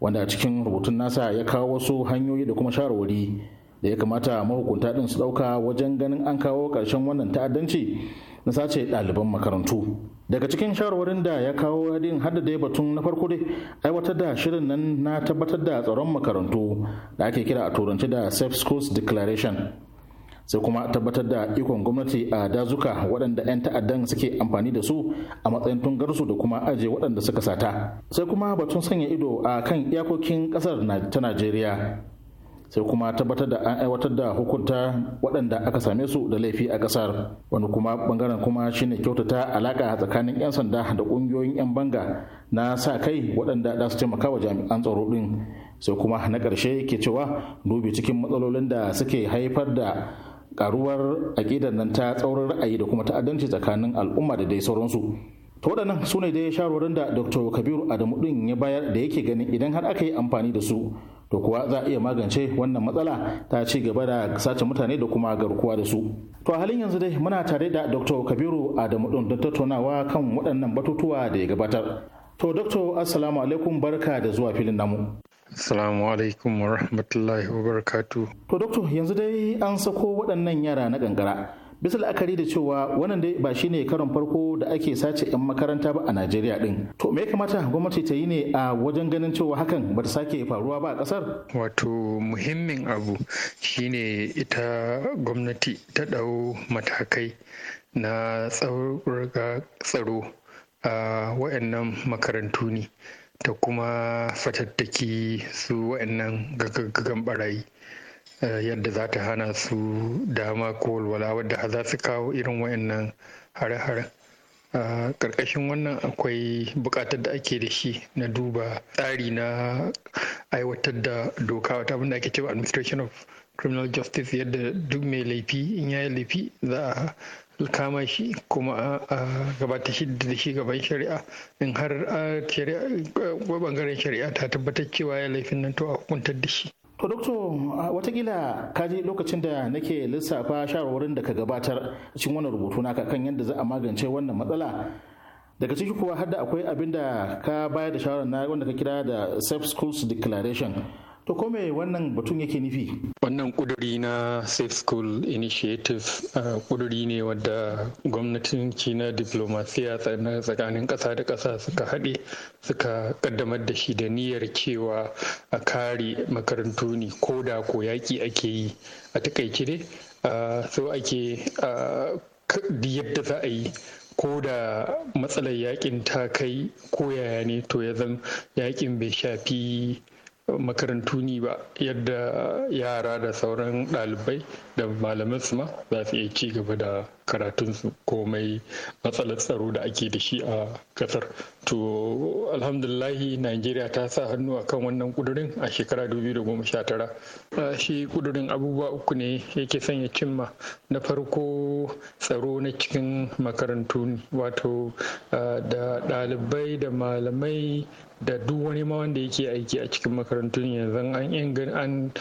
wanda a cikin rubutun nasa ya kawo wasu hanyoyi da kuma shawarwari da ya kamata mahukunta ɗin su dauka wajen ganin an kawo karshen wannan ta'addanci na sace ɗaliban makarantu daga cikin shawarwarin da ya kawo hadin hada da batun na farko dai aiwatar da shirin nan na tabbatar da tsaron makarantu da ake kira a turanci da safe schools declaration sai kuma tabbatar da ikon gwamnati a dazuka waɗanda 'yan ta'addan suke amfani da su a matsayin tungarsu da kuma aje waɗanda suka sata sai kuma batun sanya ido a kan iyakokin ƙasar ta najeriya sai kuma tabbatar da an aiwatar da hukunta waɗanda aka same su da laifi a ƙasar wani kuma bangaren kuma shine kyautata alaƙa tsakanin 'yan sanda da ƙungiyoyin 'yan banga na sa kai waɗanda za su taimaka wa jami'an tsaro ɗin sai kuma na ƙarshe ke cewa dubi cikin matsalolin da suke haifar da karuwar aƙidar nan ta tsaurar ra'ayi da kuma ta'addanci tsakanin al'umma da dai sauransu to waɗannan su ne dai shawarwarin da dr kabiru adamu ɗin ya bayar da yake ganin idan har aka yi amfani da su to kuwa za a iya magance wannan matsala ta ci gaba da sace mutane da kuma garkuwa da su to a halin yanzu dai muna tare da dr kabiru adamu din don tattaunawa kan waɗannan batutuwa da ya gabatar to dr assalamu alaikum barka da zuwa filin namu Assalamu alaikum wa rahmatullahi wa barakatu. To doktor yanzu dai an sako waɗannan yara na gangara. Bisa la'akari da cewa wannan dai ba shine karon farko da ake sace 'yan makaranta ba a Najeriya din. To me ya kamata gwamnati ta yi ne a wajen ganin cewa hakan ba ta sake faruwa ba a ƙasar? Wato muhimmin abu shine ita gwamnati ta ɗau matakai na tsaro a waɗannan makarantu ne. ta kuma fatattaki su wa'annan gaggagan barayi eh, yadda za ta hana su dama ko walwala wadda za su kawo irin wa'annan hare A ƙarƙashin wannan akwai buƙatar da ake da shi na duba tsari na aiwatar da doka wata abinda ake cewa administration of criminal justice yadda duk mai laifi in ya yi laifi za a kama shi kuma a gabata shi da shi gaban shari'a in har a bangaren shari'a ta tabbatar cewa ya laifin nan to a hukuntar da shi To doktor watakila ka ji lokacin da nake lissafa shawarwarin da ka gabatar cikin wannan rubutu naka kan yadda za a magance wannan matsala daga ciki kuwa har da akwai abin da ka bayar da shawarar na wanda ka kira da safe schools declaration To kome wannan batun yake nufi? Wannan kuduri na Safe School Initiative kuduri ne wadda gwamnatin na diplomasiya tsakanin ƙasa da ƙasa suka haɗe suka ƙaddamar da shi da niyyar cewa a kare makarantu ne ko da ko yaƙi ake yi a takaice dai so ake yadda za a yi ko da matsalar yaƙin ta kai ko yaya ne to ya zan yaƙin bai shafi makarantu ne ba yadda yara da sauran ɗalibai da malaman su ma za su iya ci gaba da karatunsu komai matsalar tsaro da ake da shi a kasar to alhamdulahi najeriya ta sa hannu a kan wannan kudurin a shekara 2019 shi kudurin abubuwa uku ne yake sanya cimma na farko tsaro na cikin makarantu wato da ɗalibai da malamai da duk wani ma wanda yake aiki a cikin makarantun yanzu an ingan an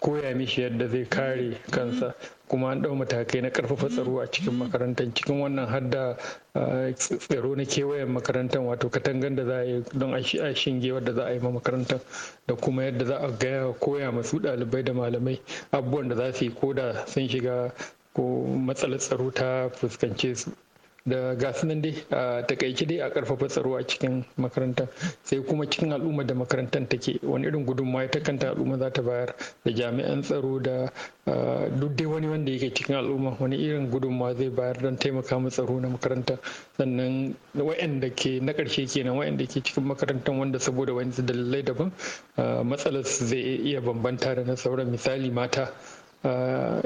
koya mishi yadda zai kare kansa kuma an ɗau matakai na ƙarfafa tsaro a cikin makarantar cikin wannan hadda eh, tsaro na kewayen makarantar wato katangan da za a yi don a shinge wadda za a yi ma makarantar da kuma yadda za a gaya koya masu ɗalibai da malamai abubuwan da za su yi koda sun shiga ko matsalar tsaro ta fuskance su da gasu nan dai a takaice dai a karfafa tsaro a cikin makarantar sai kuma cikin al'umma da makarantar take wani irin gudunmawa ta kanta al'umma za ta bayar da jami'an tsaro da duk dai wani wanda yake cikin al'umma wani irin gudunmawa zai bayar don taimaka mu tsaro na makaranta sannan wa'anda ke na ƙarshe kenan wa'anda ke cikin makarantar wanda saboda wani dalilai daban matsalar zai iya bambanta da na sauran misali mata Eh,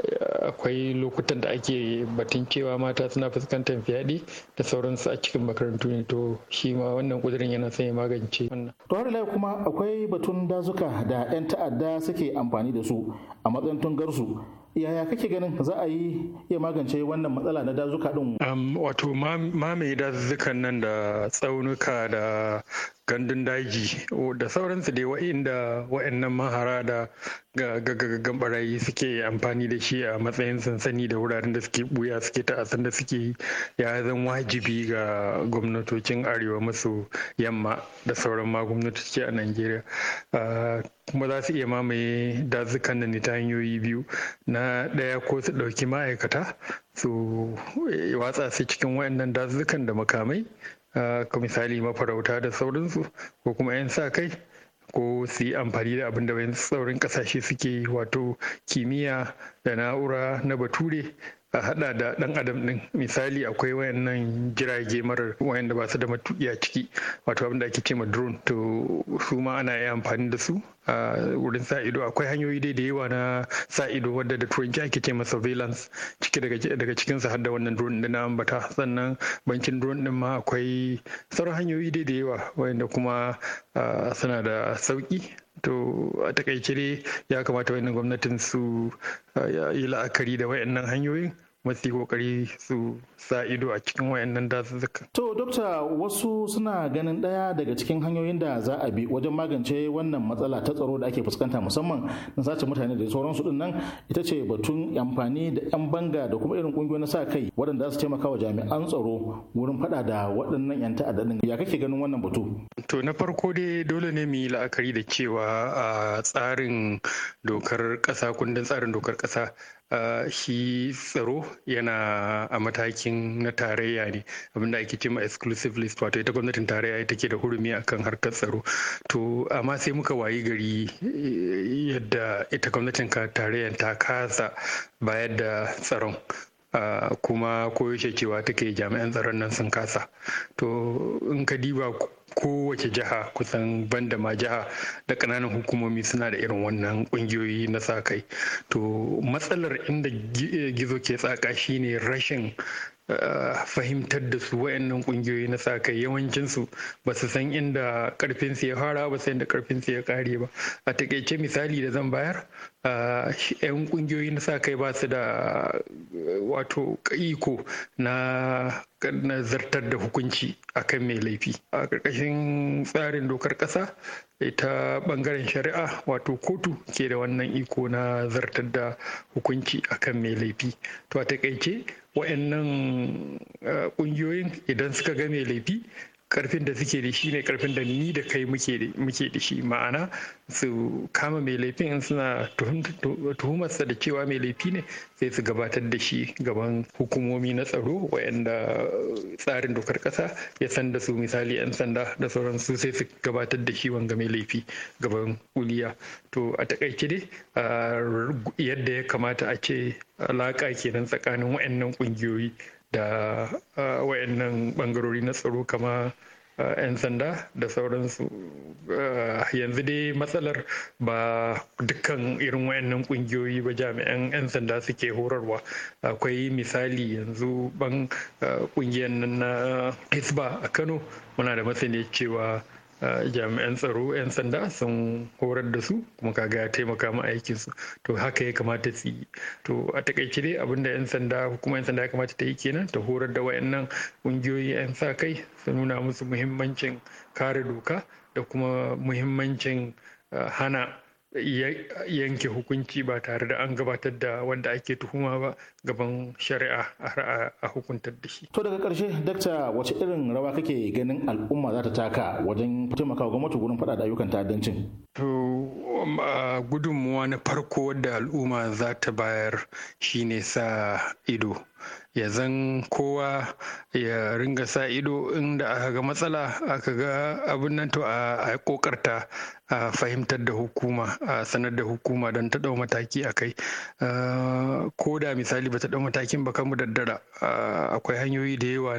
akwai lokutan da ake batun cewa mata suna fuskantar fyaɗe da sauransu a cikin makarantu ne to shi ma wannan kudirin yana son ya magance wannan. to har kuma akwai batun dazuka da 'yan ta'adda suke amfani da su a matsayin tungarsu yaya kake ganin za a yi ya magance wannan matsala na dazuka din um, wato mamaye dazukan nan da tsaunuka da gandun daji oh, da sauransu dai wa'inda wa'annan mahara da gagagagan barayi suke amfani da shi a matsayin sansani da wuraren da suke buya suke ta'asan da suke ya zan wajibi ga gwamnatocin arewa maso yamma da sauran ma gwamnatoci a najeriya kuma za su iya mamaye dazukan da ne ta hanyoyi biyu na ɗaya ko su ɗauki ma'aikata su eh, watsa su cikin wayannan dazukan da makamai ka misali mafarauta da sauransu ko kuma 'yan sa kai ko su yi amfani da abin da bayan tsaurin kasashe suke wato kimiyya da na'ura na bature a hada da dan adam din misali akwai wayannan jirage marar wayanda ba su da matuƙi a ciki wato abin da ake ce ma drone to su ma ana yi amfani da su wurin sa ido akwai hanyoyi dai da yawa na sa ido wadda da turanci ake ce masa surveillance ciki daga cikin sa har da wannan drone din na ambata sannan bankin drone din ma akwai sauran hanyoyi dai da yawa wanda kuma suna da sauki to a takaice dai ya kamata wayannan gwamnatin su yi la'akari da wayannan hanyoyin masu kokari su sa ido a cikin wayannan dazuzzuka. To, dokta wasu suna ganin ɗaya daga cikin hanyoyin da za a bi wajen magance wannan matsala ta tsaro da ake fuskanta musamman na sace mutane da sauransu din nan ita ce batun amfani da 'yan banga da kuma irin ƙungiyoyi na sa kai waɗanda za su taimaka wa jami'an tsaro wurin faɗa da waɗannan 'yan ta'adda din. Ya kake ganin wannan batu? To, na farko dai dole ne mu yi la'akari da cewa a ah, tsarin dokar ƙasa kundin tsarin dokar ƙasa shi tsaro yana a matakin na tarayya ne abinda ake ce ma exclusive list wato ita gwamnatin tarayya ita ke da hurumi akan harkar tsaro to amma sai muka wayi gari eh, yadda ita gwamnatin tarayyar ta kasa bayar da tsaron kuma koyaushe cewa take jami'an tsaron nan sun kasa to in ka diba kowace jiha kusan banda ma jiha da ƙananan hukumomi suna da irin wannan ƙungiyoyi na sa kai to matsalar inda gizo ke tsaka shine rashin fahimtar da su wayannan kungiyoyi na sa kai yawancinsu ba su san inda karfin su ya fara ba su inda karfin su ya kare ba a takaice misali da zan bayar yan kungiyoyi na sa kai ba su da wato iko na zartar da hukunci akan mai laifi a ƙarƙashin tsarin dokar ƙasa ita bangaren shari'a wato kotu ke da wannan iko na zartar da hukunci akan mai laifi to a takaice wa'annan eh, ƙungiyoyin idan suka ga mai laifi karfin da suke da shi ne karfin da ni da kai muke da shi ma'ana su kama mai laifin in suna tuhumarsa da cewa mai laifi ne sai su gabatar da shi gaban hukumomi na tsaro wayanda tsarin dokar kasa ya san da su misali 'yan sanda da sauransu sai su gabatar da shi wanga mai laifi gaban kuliya to a takaice dai yadda ya kamata a ce alaka kenan tsakanin wayannan kungiyoyi da wayannan bangarori na tsaro kama 'yan sanda da sauransu yanzu dai matsalar ba dukkan irin wayannan kungiyoyi ba jami'an 'yan sanda suke horarwa akwai misali yanzu ban kungiyar nan na hisba a kano muna da masaniyar cewa jami'an tsaro 'yan sanda sun horar da su kuma kaga ya taimaka ma aikinsu to haka ya kamata su yi to a takaice dai abinda 'yan sanda kuma 'yan sanda ya kamata ta yi kenan ta horar da wayannan kungiyoyi 'yan sa kai su nuna musu muhimmancin kare doka da kuma muhimmancin ah, hana yanke hukunci ba tare da an gabatar da wanda ake tuhuma ba gaban shari'a a hukuntar da shi. To daga karshe dakta wace irin rawa kake ganin al'umma za ta taka wajen taimakawa gwamnati gurin faɗaɗa ayyukan ta'addancin? To um, gudunmuwa na farko wadda al'umma za ta bayar shine sa ido. ya zan kowa ya ringa sa ido inda aka ga matsala aka ga abin nan to a kokarta a fahimtar da hukuma a sanar da hukuma don ta mataki a kai ko da misali ba ta ɗau matakin ba kanmu daddara akwai hanyoyi da yawa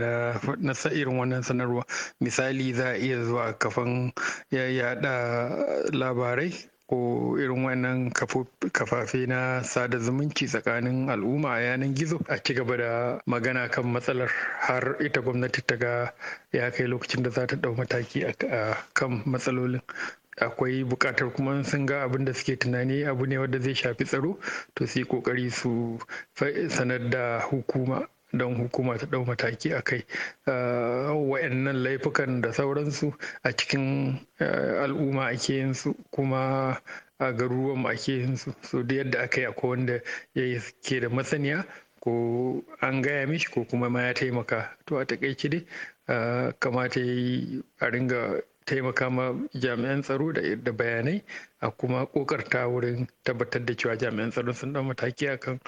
na irin wannan sanarwa misali za a iya zuwa kafan yada labarai ko irin wannan kafafe na sada zumunci tsakanin al'umma a yanar gizo a ci gaba da magana kan matsalar har ita gwamnati ta ga ya kai lokacin da za ta dau mataki a kan matsalolin akwai bukatar kuma sun ga abin da suke tunani abu ne wanda zai shafi tsaro to su yi kokari su sanar da hukuma don hukuma ta ɗau mataki a kai ah, wa'annan laifukan da sauransu a cikin ah, al'umma ake yin su kuma a garuruwan ake yin su so da yadda aka yi a wanda ya ke da masaniya ko an gaya mishi ko kuma ma ya taimaka to a takaice dai ah, kamata ya yi a ringa taimaka ma jami'an tsaro da bayanai a kuma kokarta wurin tabbatar da cewa jami'an tsaro sun dan mataki akan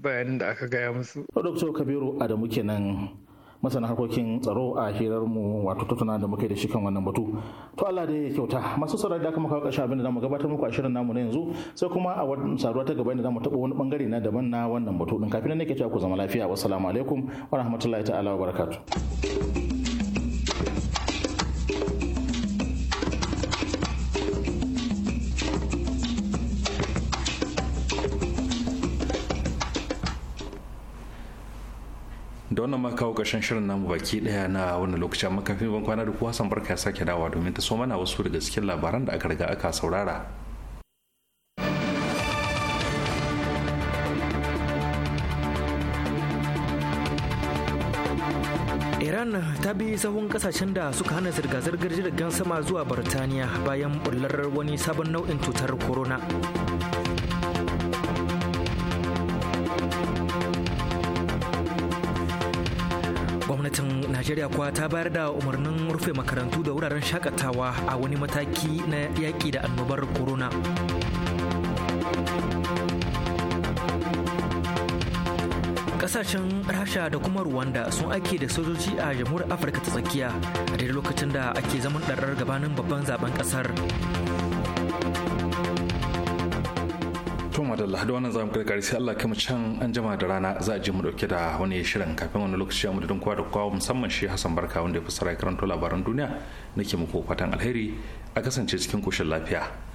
bayanin da aka gaya musu. Dr. Kabiru Adamu kenan masana harkokin tsaro a hirar mu wato tattauna da muke da shi kan wannan batu to Allah da ya kyauta masu saurari da kuma kawo ƙarshen abin da zamu gabatar muku a shirin namu na yanzu sai kuma a wannan saruwa ta gaba ne zamu taɓa wani bangare na daban na wannan batu din kafin nan nake cewa ku zama lafiya wassalamu alaikum wa rahmatullahi ta'ala wa barakatuh da wannan maka kawo ƙarshen shirin namu baki ɗaya na wannan lokaci amma kafin ban kwana da kuwa san barka ya sake dawa domin ta so mana wasu daga cikin labaran da aka riga aka saurara iran ta bi sahun kasashen da suka hana zirga-zirgar jirgin sama zuwa birtaniya bayan bullar wani sabon nau'in cutar corona gwamnatin najeriya kuwa ta bayar da umarnin rufe makarantu da wuraren shakatawa a wani mataki na yaƙi da annobar corona kasashen rasha da kuma rwanda sun ake da sojoji a jamhuriyar afirka ta tsakiya a daidai lokacin da ake zaman ɗarar gabanin babban zaben ƙasar to madalla da wannan zamu karkare sai Allah kuma can an jima da rana za a je mu dauke da wani shirin kafin wani lokaci mu dudun kwa da kwa musamman shi Hassan Barka wanda ya fassara karanto labaran duniya nake muku fatan alheri a kasance cikin koshin lafiya